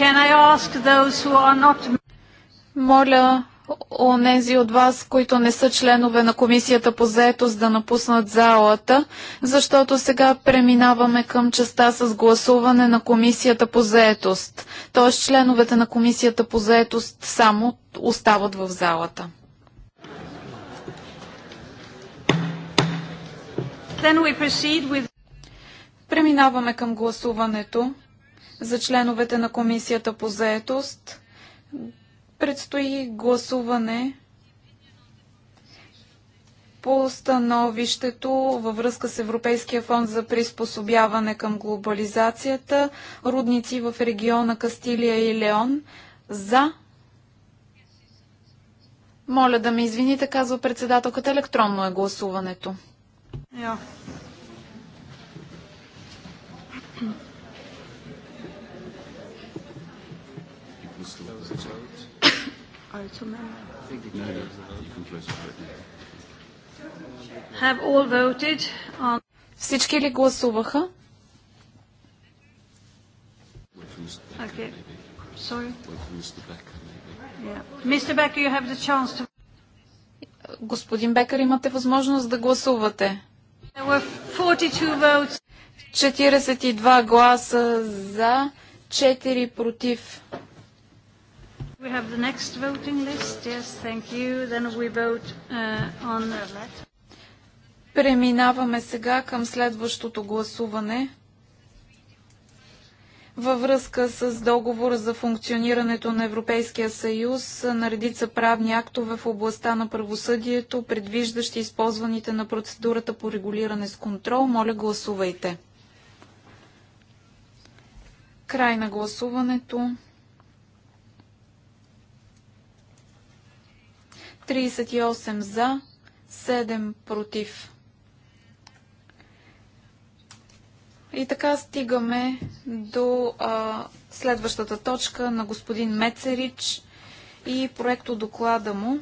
Not... Моля онези от вас, които не са членове на Комисията по заетост да напуснат залата, защото сега преминаваме към частта с гласуване на Комисията по заетост. Тоест членовете на Комисията по заетост само остават в залата. With... Преминаваме към гласуването за членовете на Комисията по заетост. Предстои гласуване по становището във връзка с Европейския фонд за приспособяване към глобализацията, рудници в региона Кастилия и Леон за. Моля да ме извините, казва председателката, електронно е гласуването. Yeah. On... Всички ли гласуваха? Okay. Becker, to... Господин Бекър, имате възможност да гласувате. 42 гласа за, 4 против. We have the next voting list. Yes, thank you. Then we vote uh, on Преминаваме сега към следващото гласуване във връзка с договор за функционирането на Европейския съюз на редица правни актове в областта на правосъдието, предвиждащи използваните на процедурата по регулиране с контрол. Моля, гласувайте. Край на гласуването. 38 за, 7 против. И така стигаме до а, следващата точка на господин Мецерич и проекто доклада му.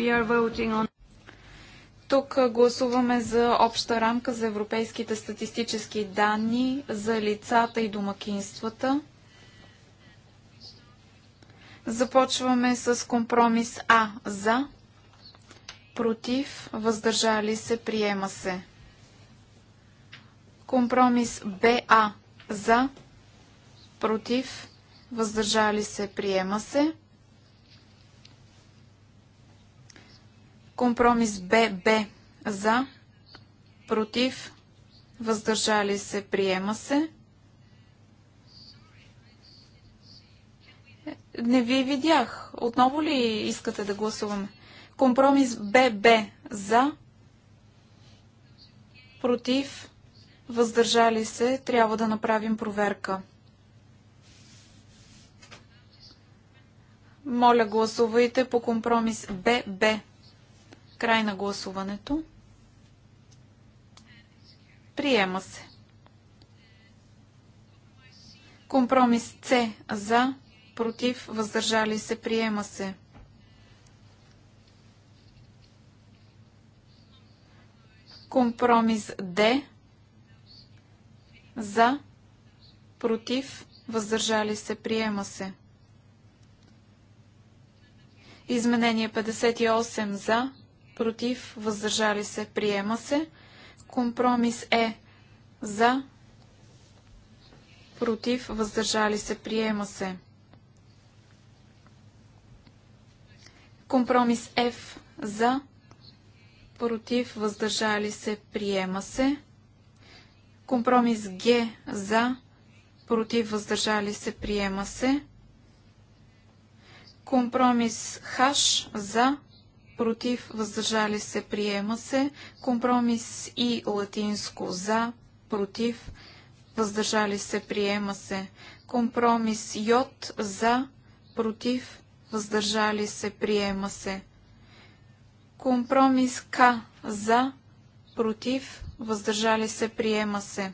We are voting on тук гласуваме за обща рамка за европейските статистически данни за лицата и домакинствата. Започваме с компромис А за, против, въздържали се, приема се. Компромис БА за, против, въздържали се, приема се. Компромис ББ за, против, въздържали се, приема се. Не ви видях. Отново ли искате да гласуваме? Компромис ББ за, против, въздържали се, трябва да направим проверка. Моля, гласувайте по компромис ББ. Край на гласуването. Приема се. Компромис С за, против, въздържали се, приема се. Компромис Д за, против, въздържали се, приема се. Изменение 58 за, против, въздържали се, приема се. Компромис е за, против, въздържали се, приема се. Компромис F за, против, въздържали се, приема се. Компромис Г за, против, въздържали се, приема се. Компромис Х за, против, въздържали се, приема се. Компромис и латинско за, против, въздържали се, приема се. Компромис йод за, против, въздържали се, приема се. Компромис К за, против, въздържали се, приема се.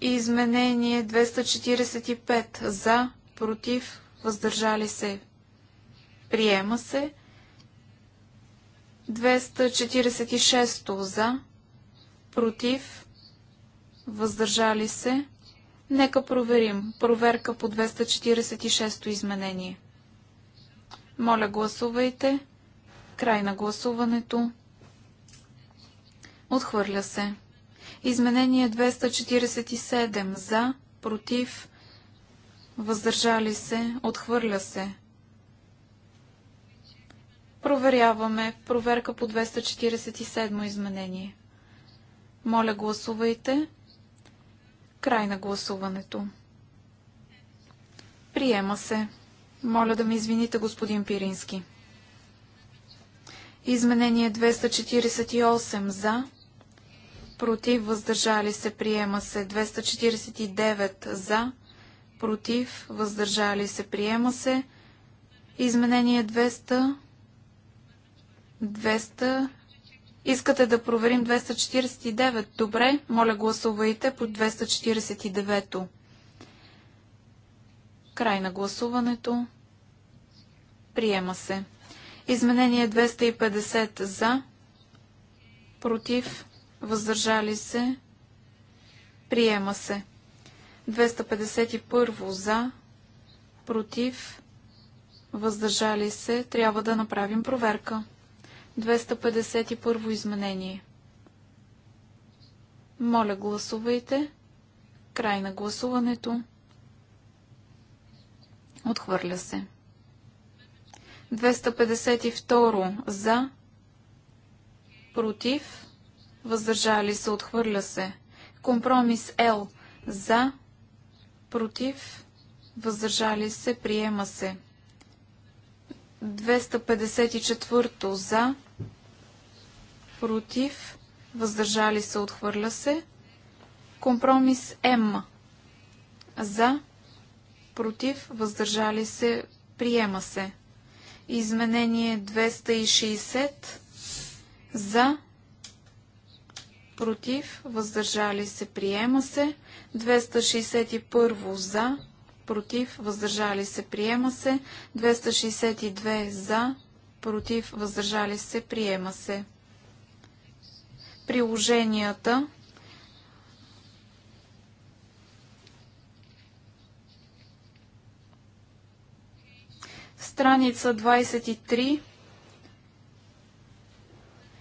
Изменение 245 за, против, въздържали се, приема се. 246 за, против, въздържали се. Нека проверим. Проверка по 246 изменение. Моля, гласувайте. Край на гласуването. Отхвърля се. Изменение 247 за, против, въздържали се, отхвърля се. Проверяваме. Проверка по 247 изменение. Моля, гласувайте. Край на гласуването. Приема се. Моля да ми извините, господин Пирински. Изменение 248 за. Против въздържали се. Приема се. 249 за. Против въздържали се. Приема се. Изменение 200. 200. Искате да проверим 249. Добре, моля гласувайте по 249-то. Край на гласуването. Приема се. Изменение 250 за, против, въздържали се, приема се. 251 за, против, въздържали се, трябва да направим проверка. 251 изменение. Моля, гласувайте. Край на гласуването. Отхвърля се. 252 за, против, въздържали се, отхвърля се. Компромис Л за, против, въздържали се, приема се. 254 за, против, въздържали се, отхвърля се. Компромис М за, против, въздържали се, приема се. Изменение 260 за, против, въздържали се, приема се. 261 за, против, въздържали се, приема се. 262 за, против, въздържали се, приема се. Приложенията Страница 23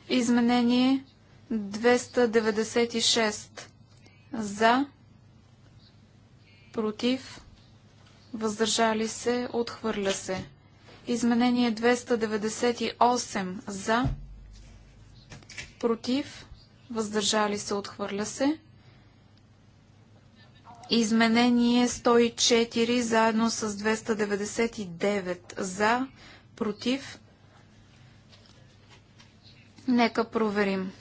Изменение 296 За Против въздържали се, отхвърля се. Изменение 298 за, против, въздържали се, отхвърля се. Изменение 104 заедно с 299 за, против. Нека проверим.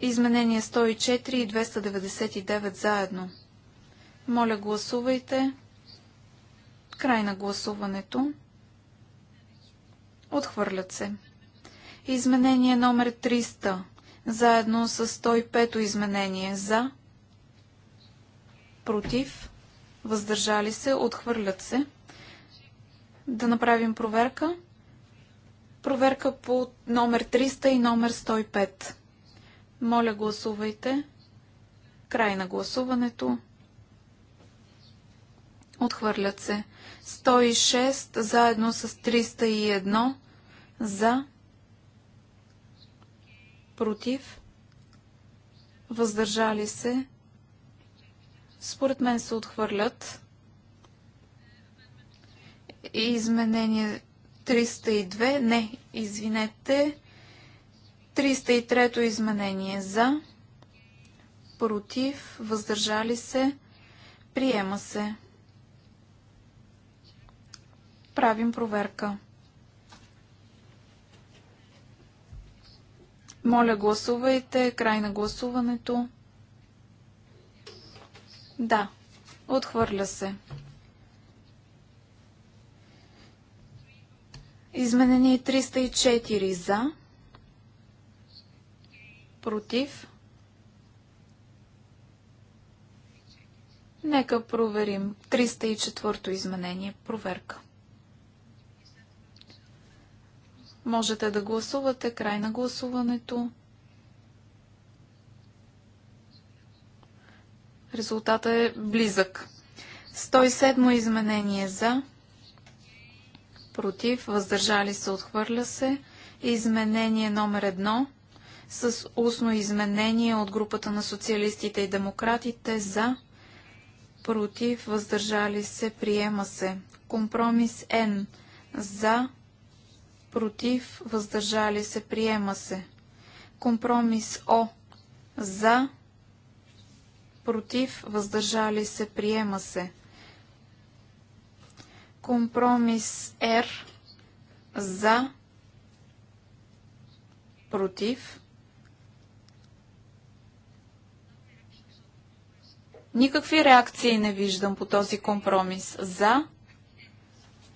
Изменение 104 и 299 заедно. Моля, гласувайте. Край на гласуването. Отхвърлят се. Изменение номер 300, заедно с 105-то изменение за, против, въздържали се, отхвърлят се. Да направим проверка. Проверка по номер 300 и номер 105. Моля, гласувайте. Край на гласуването. Отхвърлят се. 106 заедно с 301 за, против, въздържали се. Според мен се отхвърлят. изменение 302, не, извинете, 303-то изменение за, против, въздържали се, приема се правим проверка. Моля, гласувайте. Край на гласуването. Да, отхвърля се. Изменение 304 за. Против. Нека проверим. 304 изменение. Проверка. Можете да гласувате. Край на гласуването. Резултата е близък. 107 изменение за, против, въздържали се, отхвърля се. Изменение номер едно, с устно изменение от групата на социалистите и демократите за, против, въздържали се, приема се. Компромис Н за, против, въздържали се, приема се. Компромис О за, против, въздържали се, приема се. Компромис Р за, против. Никакви реакции не виждам по този компромис. За,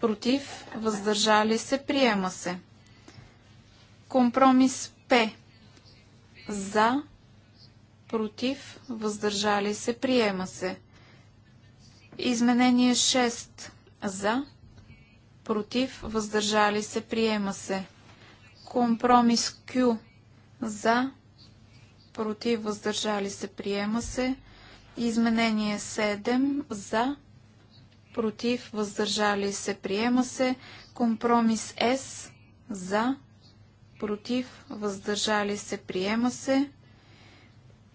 против, въздържали се, приема се. Компромис П. За, против, въздържали се, приема се. Изменение 6. За, против, въздържали се, приема се. Компромис Q. За, против, въздържали се, приема се. Изменение 7. За, против, против, въздържали се, приема се. Компромис С за, против, въздържали се, приема се.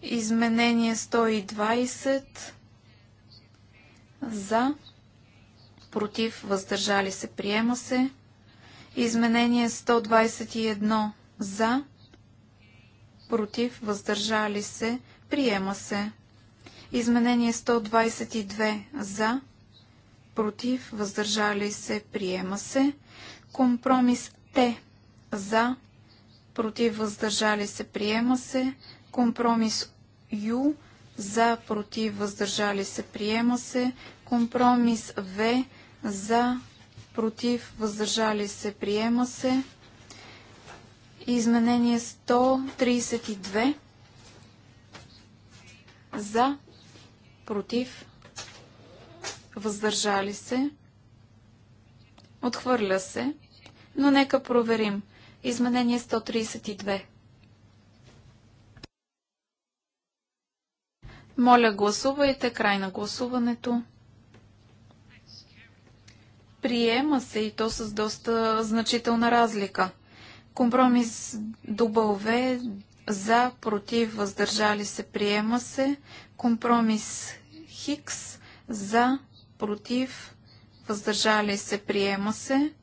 Изменение 120 за, против, въздържали се, приема се. Изменение 121 за, против, въздържали се, приема се. Изменение 122 за, против, против, въздържали се, приема се. Компромис Т за, против, въздържали се, приема се. Компромис Ю за, против, въздържали се, приема се. Компромис В за, против, въздържали се, приема се. Изменение 132 за, против, въздържали се, отхвърля се, но нека проверим. Изменение 132. Моля, гласувайте край на гласуването. Приема се и то с доста значителна разлика. Компромис W за, против, въздържали се, приема се. Компромис Хикс за, против, въздържали се, приема се.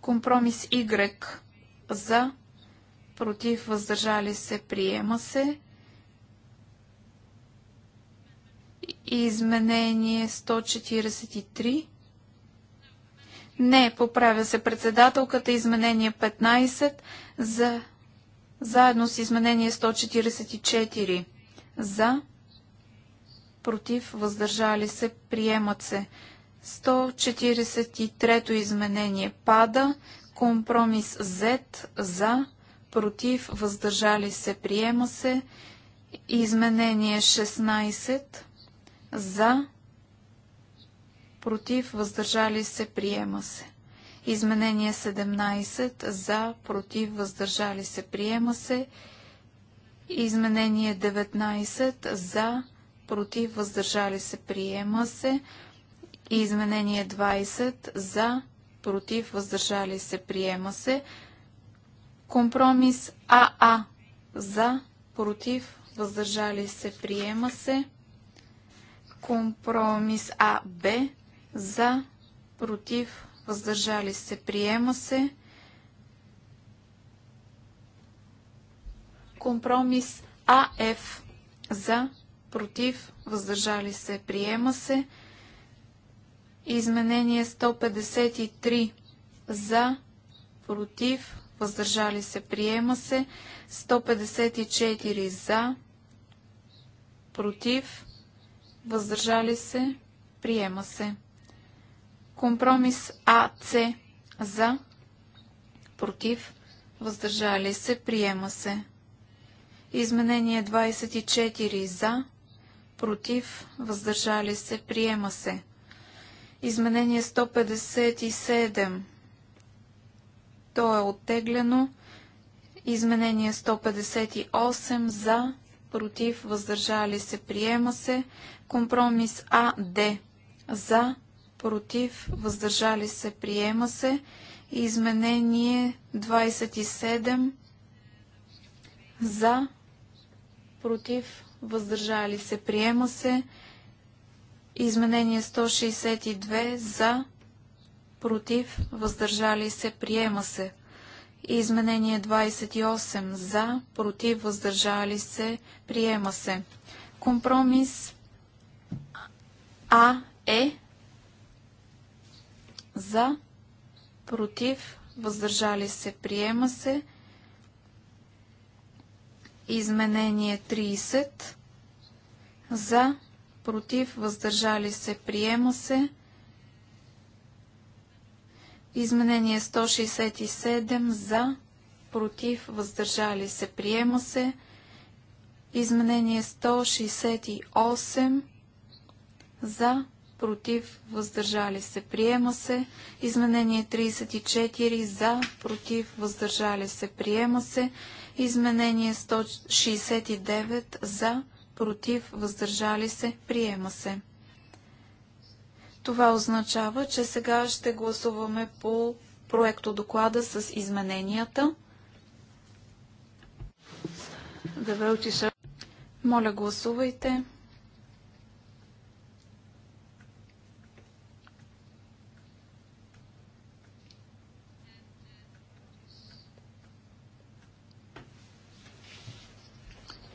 Компромис Y за, против, въздържали се, приема се. Изменение 143. Не, поправя се председателката. Изменение 15 за, заедно с изменение 144 за, против, въздържали се, приемат се. 143-то изменение пада, компромис Z за, против, въздържали се, приема се. Изменение 16 за, против, въздържали се, приема се. Изменение 17 за, против, въздържали се, приема се. Изменение 19 за, против, въздържали се, приема се. Изменение 20 за, против, въздържали се, приема се. Компромис АА за, против, въздържали се, приема се. Компромис АБ за, против, въздържали се, приема се. Компромис АФ за, против, въздържали се, приема се. Изменение 153 за, против, въздържали се, приема се. 154 за, против, въздържали се, приема се. Компромис АЦ за, против, въздържали се, приема се. Изменение 24 за, против, въздържали се, приема се. Изменение 157. То е оттеглено. Изменение 158 за, против, въздържали се, приема се. Компромис АД за, против, въздържали се, приема се. Изменение 27 за, против, въздържали се, приема се. Изменение 162 за, против, въздържали се, приема се. Изменение 28 за, против, въздържали се, приема се. Компромис А е за, против, въздържали се, приема се. Изменение 30. За, против, въздържали се, приема се. Изменение 167. За, против, въздържали се, приема се. Изменение 168. За, против, въздържали се, приема се. Изменение 34. За, против, въздържали се, приема се. Изменение 169 за, против, въздържали се, приема се. Това означава, че сега ще гласуваме по проекто доклада с измененията. Моля, гласувайте.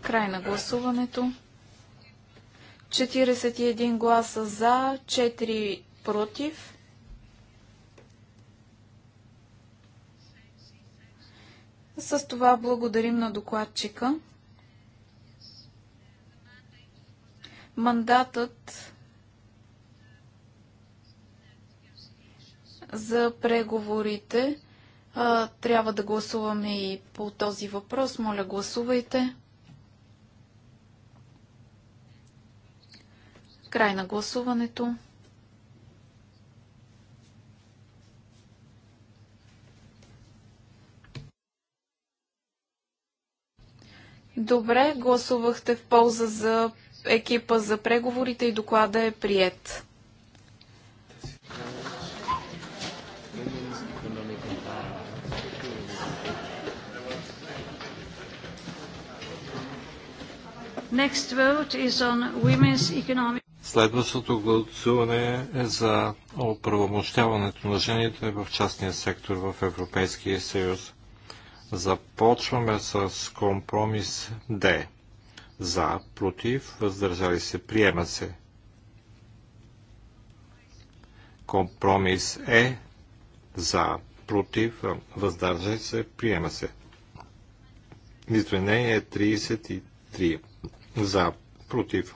Край на гласуването. 41 гласа за, 4 против. С това благодарим на докладчика. Мандатът за преговорите. трябва да гласуваме и по този въпрос. Моля, гласувайте. Край на гласуването. Добре, гласувахте в полза за екипа за преговорите и доклада е прият. Next vote is on women's economic Следващото гласуване е за оправомощяването на жените в частния сектор в Европейския съюз. Започваме с компромис Д. За, против, въздържали се, приема се. Компромис Е. За, против, въздържали се, приема се. Извинение 33. За, против,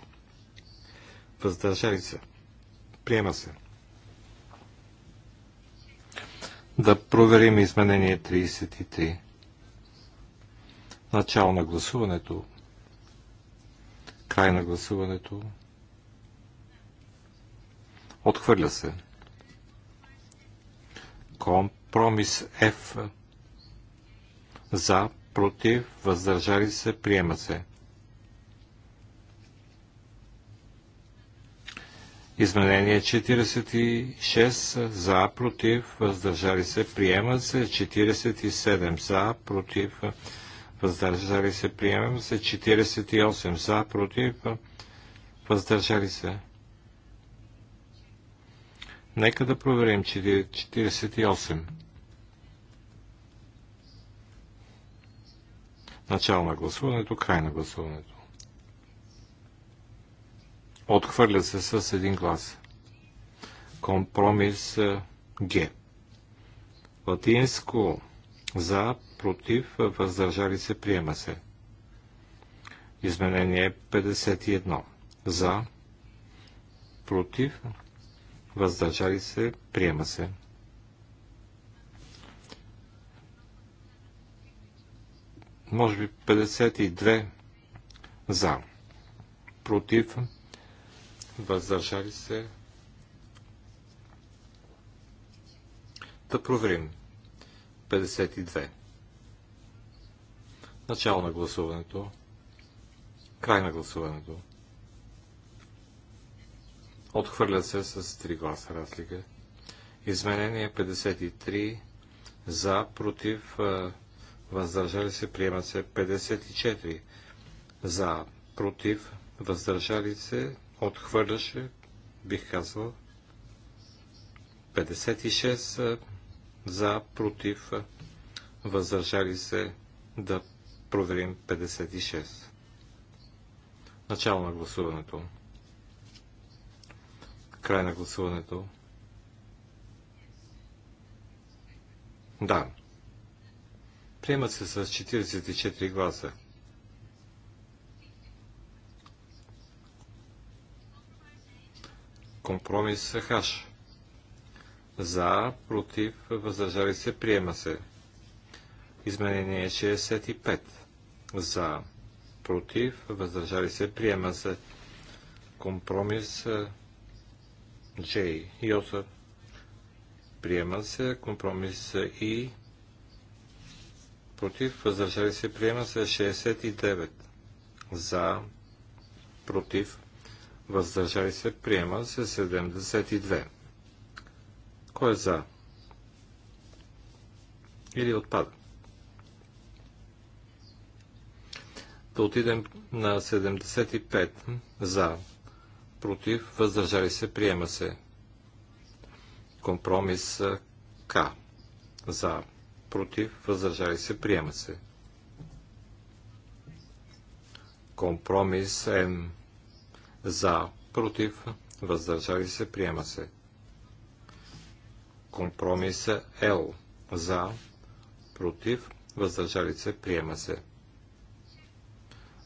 въздържали се, приема се. Да проверим изменение 33. Начало на гласуването. Край на гласуването. Отхвърля се. Компромис F. За, против, въздържали се, приема се. Изменение 46 за, против, въздържали се, приемат се. 47 за, против, въздържали се, приемам се. 48 за, против, въздържали се. Нека да проверим 48. Начало на гласуването, край на гласуването. Отхвърля се с един глас. Компромис е, Г. Латинско за, против, въздържали се, приема се. Изменение 51. За, против, въздържали се, приема се. Може би 52 за, против, въздържали се. Да проверим. 52. Начало на гласуването. Край на гласуването. Отхвърля се с 3 гласа разлика. Изменение 53 за, против, въздържали се, приема се 54 за, против, въздържали се, отхвърляше, бих казал, 56 за, против, въздържали се да проверим 56. Начало на гласуването. Край на гласуването. Да. Приемат се с 44 гласа. Компромис хаш. За, против, въздържали се, приема се. Изменение 65. За, против, въздържали се, приема се. Компромис J. Е, Йота. Приема се. Компромис е, И. Против, въздържали се, приема се. 69. За, против, въздържали се, приема се 72. Кой е за? Или отпада? Да отидем на 75 за, против, въздържали се, приема се. Компромис К. За, против, въздържали се, приема се. Компромис М за, против, въздържали се, приема се. Компромиса L. за, против, въздържали се, приема се.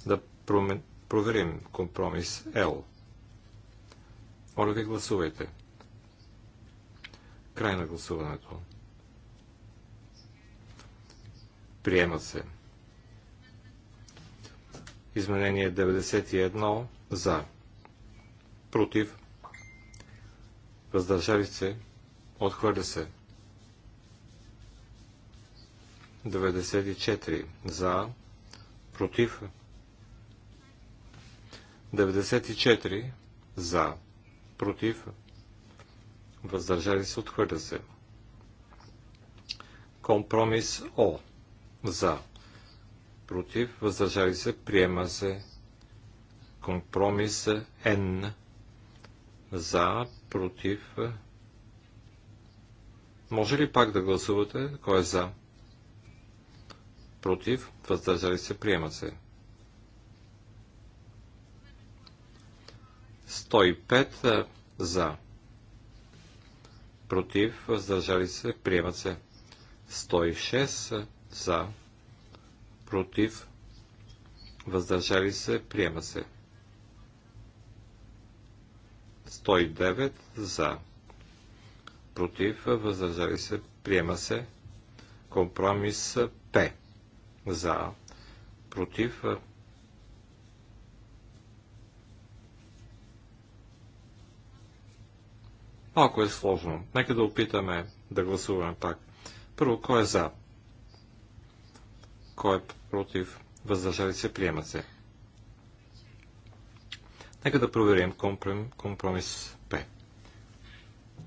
Да промен... проверим компромис Л. Моля ви, гласувайте. Край на гласуването. Приема се. Изменение 91 за против, въздържали се, отхвърля се. 94 за, против, 94 за, против, въздържали се, отхвърля се. Компромис О за, против, въздържали се, приема се. Компромис Н за, против. Може ли пак да гласувате? Кой е за? Против, въздържали се, приема се. 105 е, за. Против, въздържали се, приема се. 106 е, за. Против, въздържали се, приема се. 109 за. Против, въздържали се, приема се. Компромис П за. Против, Малко е сложно. Нека да опитаме да гласуваме пак. Първо, кой е за? Кой е против? Въздържали се, приема се. Нека да проверим компром, компромис П.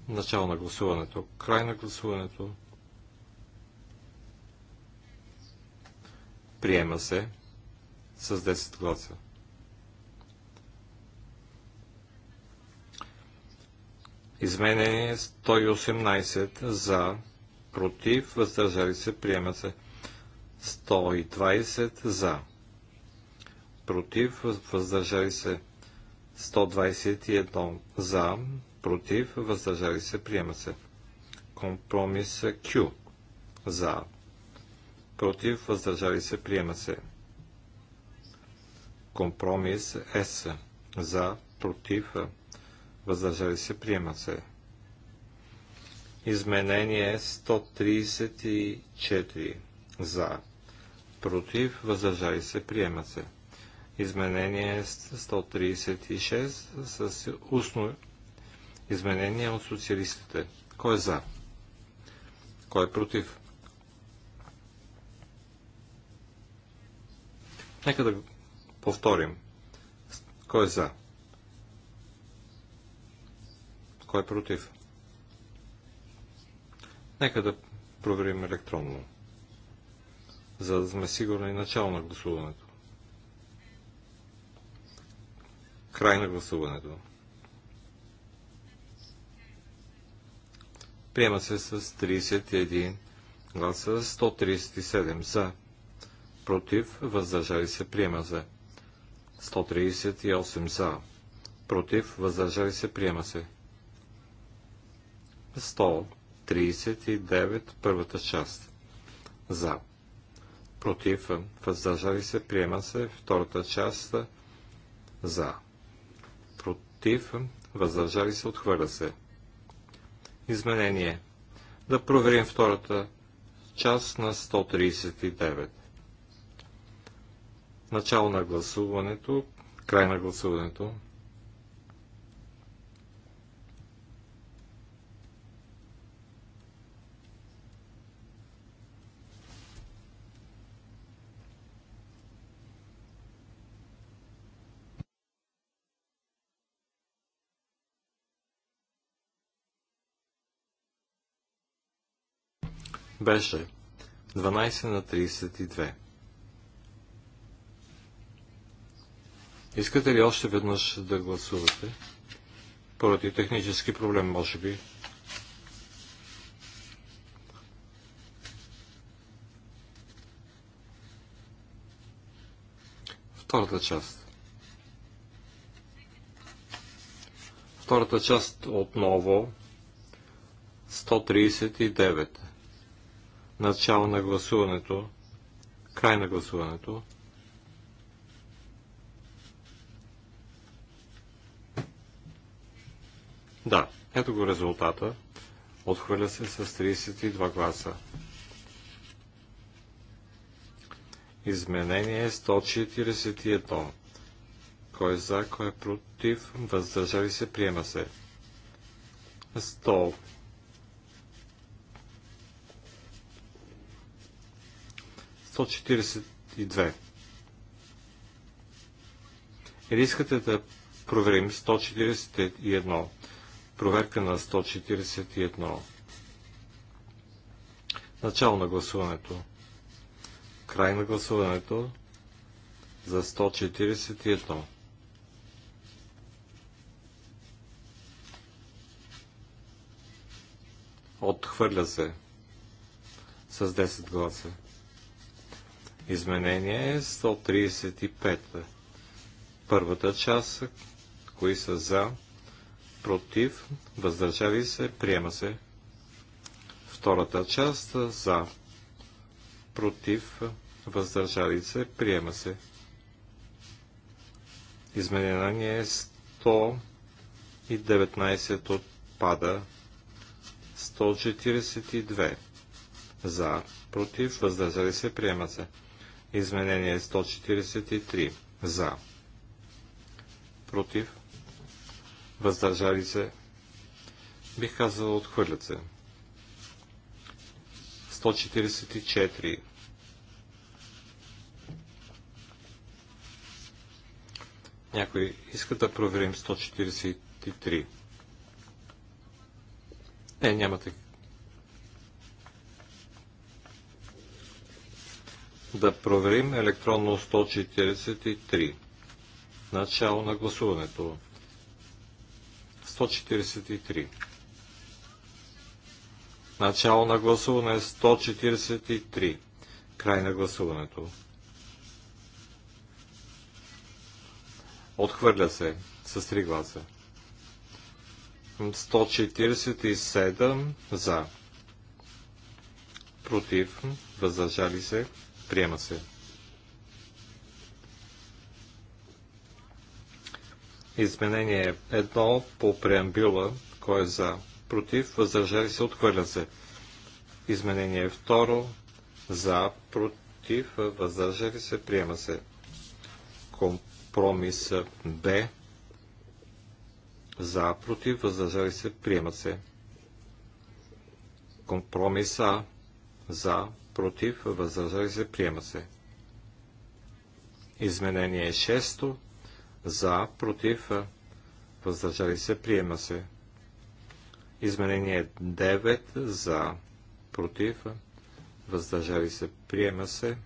Начало на гласуването, край на гласуването. Приема се с 10 гласа. Изменение 118 за, против, въздържали се, приема се 120 за, против, въздържали се, 121 за, против, въздържали се, приема се. Компромис Q за, против, въздържали се, приема се. Компромис С за, против, въздържали се, приема се. Изменение 134 за, против, въздържали се, приема се. Изменение 136 с устно изменение от социалистите. Кой е за? Кой е против? Нека да повторим. Кой е за? Кой е против? Нека да проверим електронно, за да сме сигурни начало на гласуването. Край на гласуването. Приема се с 31 гласа, 137 за, против, въздържали се, приема се. 138 за, против, въздържали се, приема се. 139 първата част. За. Против, въздържали се, приема се втората част. За против, въздържали се, отхвърля се. Изменение. Да проверим втората част на 139. Начало на гласуването, край на гласуването. беше 12 на 32. Искате ли още веднъж да гласувате? Поради технически проблем, може би. Втората част. Втората част отново 139. Начало на гласуването. Край на гласуването. Да, ето го резултата. Отхвърля се с 32 гласа. Изменение 141. Кой е за, кой е против, въздържали се, приема се. 100. 142. Или искате да проверим 141. Проверка на 141. Начало на гласуването. Край на гласуването за 141. Отхвърля се с 10 гласа. Изменение 135. Първата част, кои са за, против, въздържали се, приема се. Втората част, за, против, въздържали се, приема се. Изменение 119 отпада. 142 за, против, въздържали се, приема се. Изменение 143. За. Против. Въздържали се. Бих казал, отхвърлят се. 144. Някой иска да проверим 143. Не, няма такива Да проверим електронно 143. Начало на гласуването. 143. Начало на гласуване 143. Е Край на гласуването. Отхвърля се с 3 гласа. 147 за. Против. Въздържали се. Приема се. Изменение 1 по преамбюла. Кой е за? Против. Въздържали се. Отхвърля се. Изменение 2. За. Против. Въздържали се. Приема се. Компромис Б. За. Против. Въздържали се. Приема се. Компромис А. За против, въздържали се, приема се. Изменение 6 за, против, въздържали се, приема се. Изменение 9 за, против, въздържали се, приема се.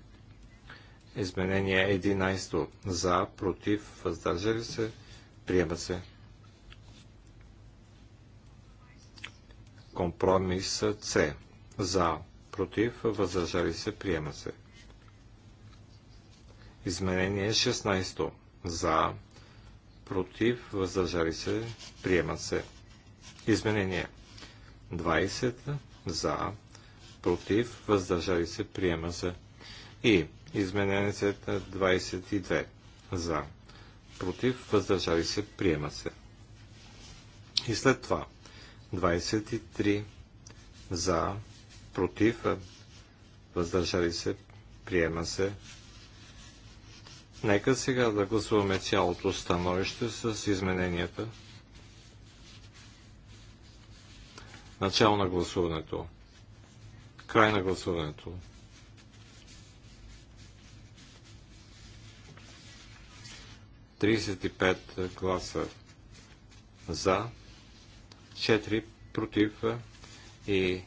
Изменение 11 за, против, въздържали се, приема се. Компромис С за, против, въздържали се, приема се. Изменение 16. За, против, въздържали се, приема се. Изменение 20. За, против, въздържали се, приема се. И изменение 22. За, против, въздържали се, приема се. И след това 23 за, против, въздържали се, приема се. Нека сега да гласуваме цялото становище с измененията. Начало на гласуването. Край на гласуването. Тридесет и пет гласа за, 4 против и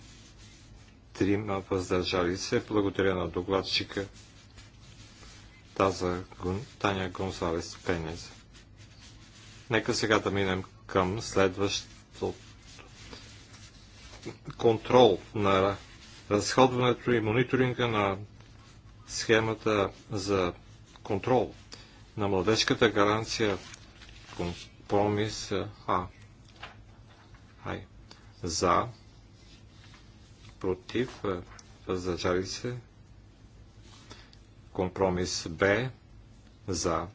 трима въздържали се. Благодаря на докладчика Таза Гун, Таня Гонсалес Пенез. Нека сега да минем към следващото контрол на разходването и мониторинга на схемата за контрол на младежката гаранция компромис А. Ай. За против, въздържали се. Компромис Б за,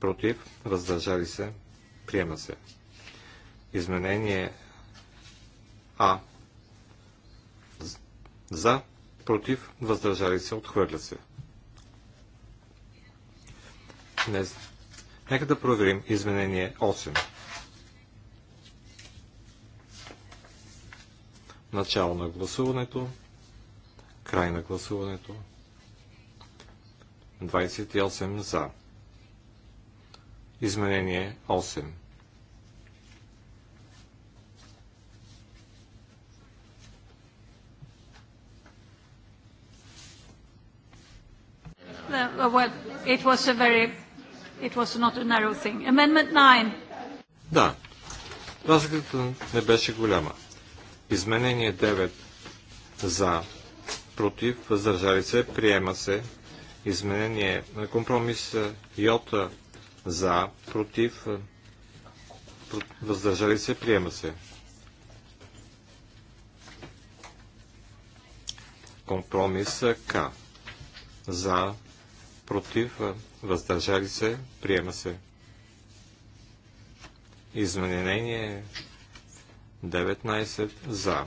против, въздържали се, приема се. Изменение А за, против, въздържали се, отхвърля се. Днес. Нека да проверим изменение 8. Начало на гласуването. Край на гласуването. 28 за. Изменение 8. Uh, да. Разликата не беше голяма. Изменение 9 за, против, въздържали се, приема се. Изменение на компромис Йота за, против, въздържали се, приема се. Компромис К за, против, въздържали се, приема се. Изменение 19 за.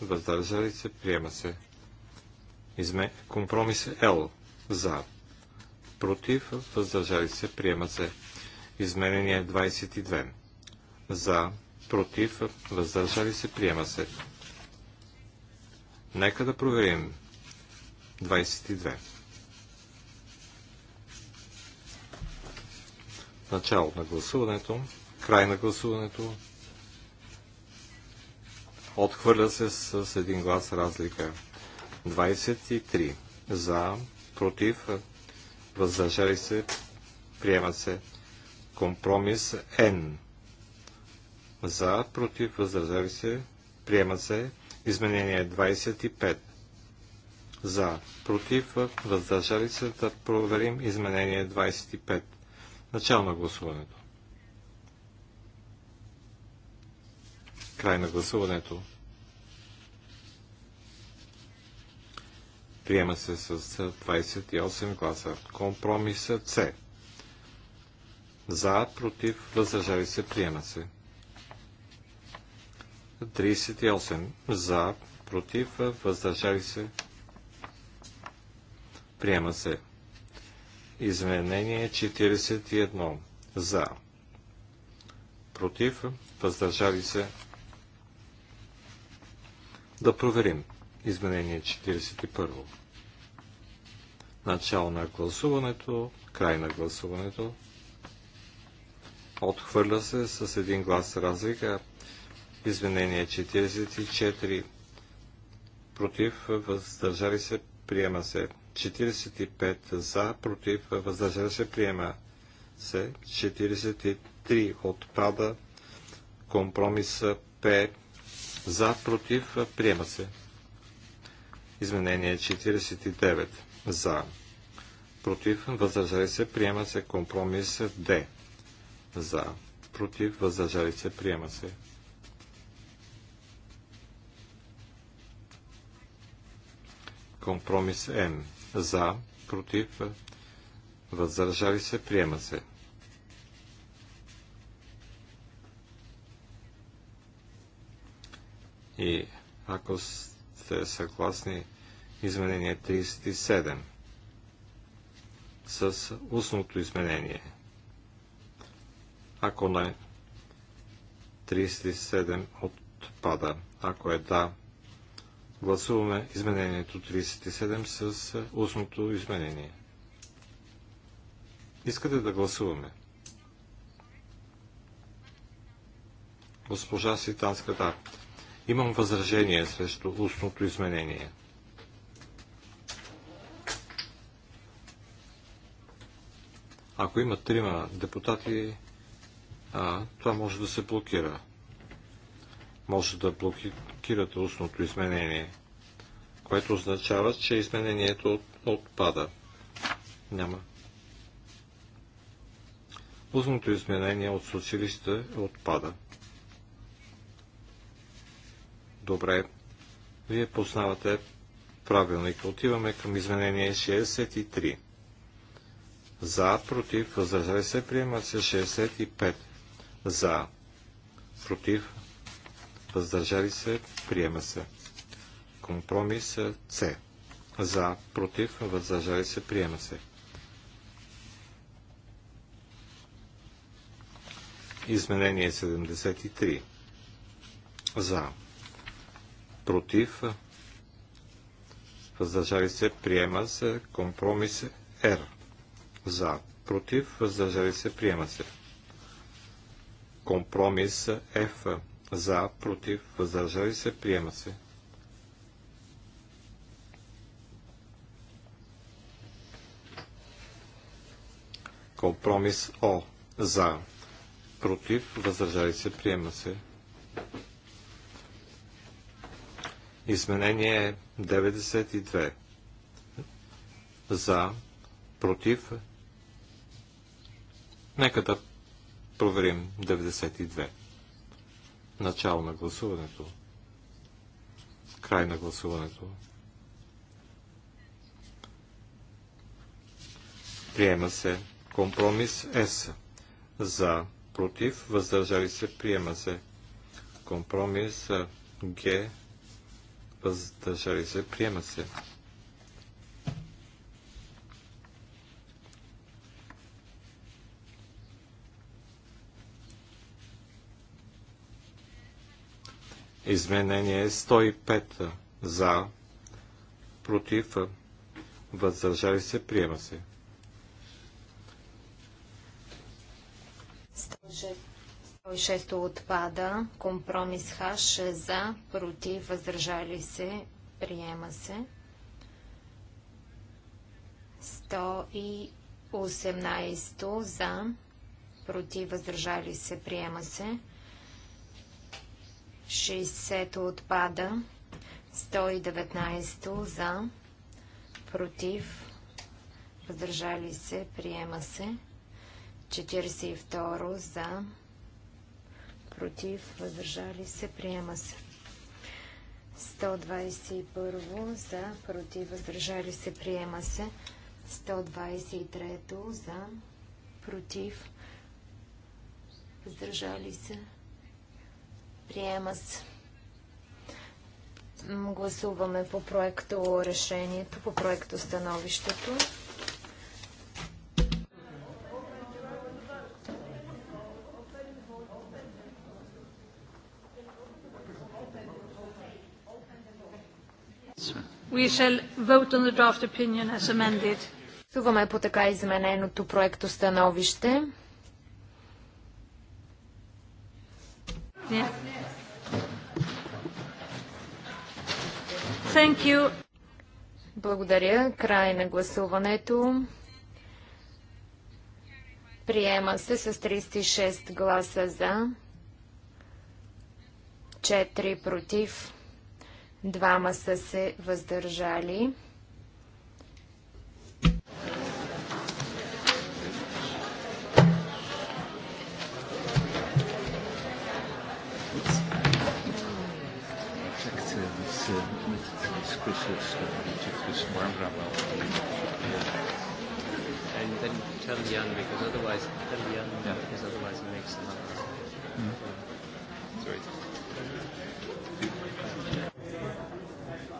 Въздържали се, приема се. Изме... Компромис Л за. Против, въздържали се, приема се. Изменение 22. За, против, въздържали се, приема се. Нека да проверим. 22. Начало на гласуването, край на гласуването, Отхвърля се с един глас разлика. 23 за, против, въздържали се, приема се. Компромис Н. За, против, въздържали се, приема се. Изменение 25. За, против, въздържали се да проверим изменение 25. Начало на гласуването. Край на гласуването. Приема се с 28 гласа. Компромиса С. За, против, въздържали се, приема се. 38. За, против, въздържали се, приема се. Изменение 41. За, против, въздържали се, да проверим изменение 41. Начало на гласуването, край на гласуването. Отхвърля се с един глас разлика. Изменение 44. Против, въздържали се, приема се. 45 за, против, въздържали се, приема се. 43 отпада. компромис П за, против, приема се. Изменение 49. За. Против, въздържали се, приема се. Компромис Д. За. Против, въздържали се, приема се. Компромис М. За. Против, въздържали се, приема се. И ако сте съгласни, изменение 37 с устното изменение. Ако не, 37 отпада. Ако е да, гласуваме изменението 37 с устното изменение. Искате да гласуваме? Госпожа Ситанска, да. Имам възражение срещу устното изменение. Ако има трима депутати, а, това може да се блокира. Може да блокирате устното изменение, което означава, че изменението от, отпада. Няма. Устното изменение от социалиста отпада. Добре. Вие познавате правилника. Отиваме към изменение 63. За, против, въздържали се, приема се 65. За, против, въздържали се, приема се. Компромис С. За, против, въздържали се, приема се. Изменение 73. За, против, въздържали се, приема се, компромис Р. За, против, въздържали се, приема се. Компромис Ф. За, против, въздържали се, приема се. Компромис О. За, против, въздържали се, приема се. Изменение 92. За, против. Нека да проверим 92. Начало на гласуването. Край на гласуването. Приема се компромис С. За, против, въздържали се, приема се. Компромис Г въздържали се, приема се. Изменение 105 за, против, въздържали се, приема се. Шесто отпада. Компромис Хаш за, против, въздържали се, приема се. 118 за, против, въздържали се, приема се. 60 отпада. 119 за, против, въздържали се, приема се. 42 за, против, въздържали се, приема се. 121 за, против, въздържали се, приема се. 123 за, против, въздържали се, приема се. Гласуваме по проекто решението, по проекто становището. We shall vote on the draft opinion as amended. по така измененото проекто становище. Yeah. Thank you. Благодаря. Край на гласуването. Приема се с 36 гласа за, 4 против. Двама са се въздържали. And then tell Jan because otherwise tell Jan yeah. because otherwise he makes them up. Mm. Sorry.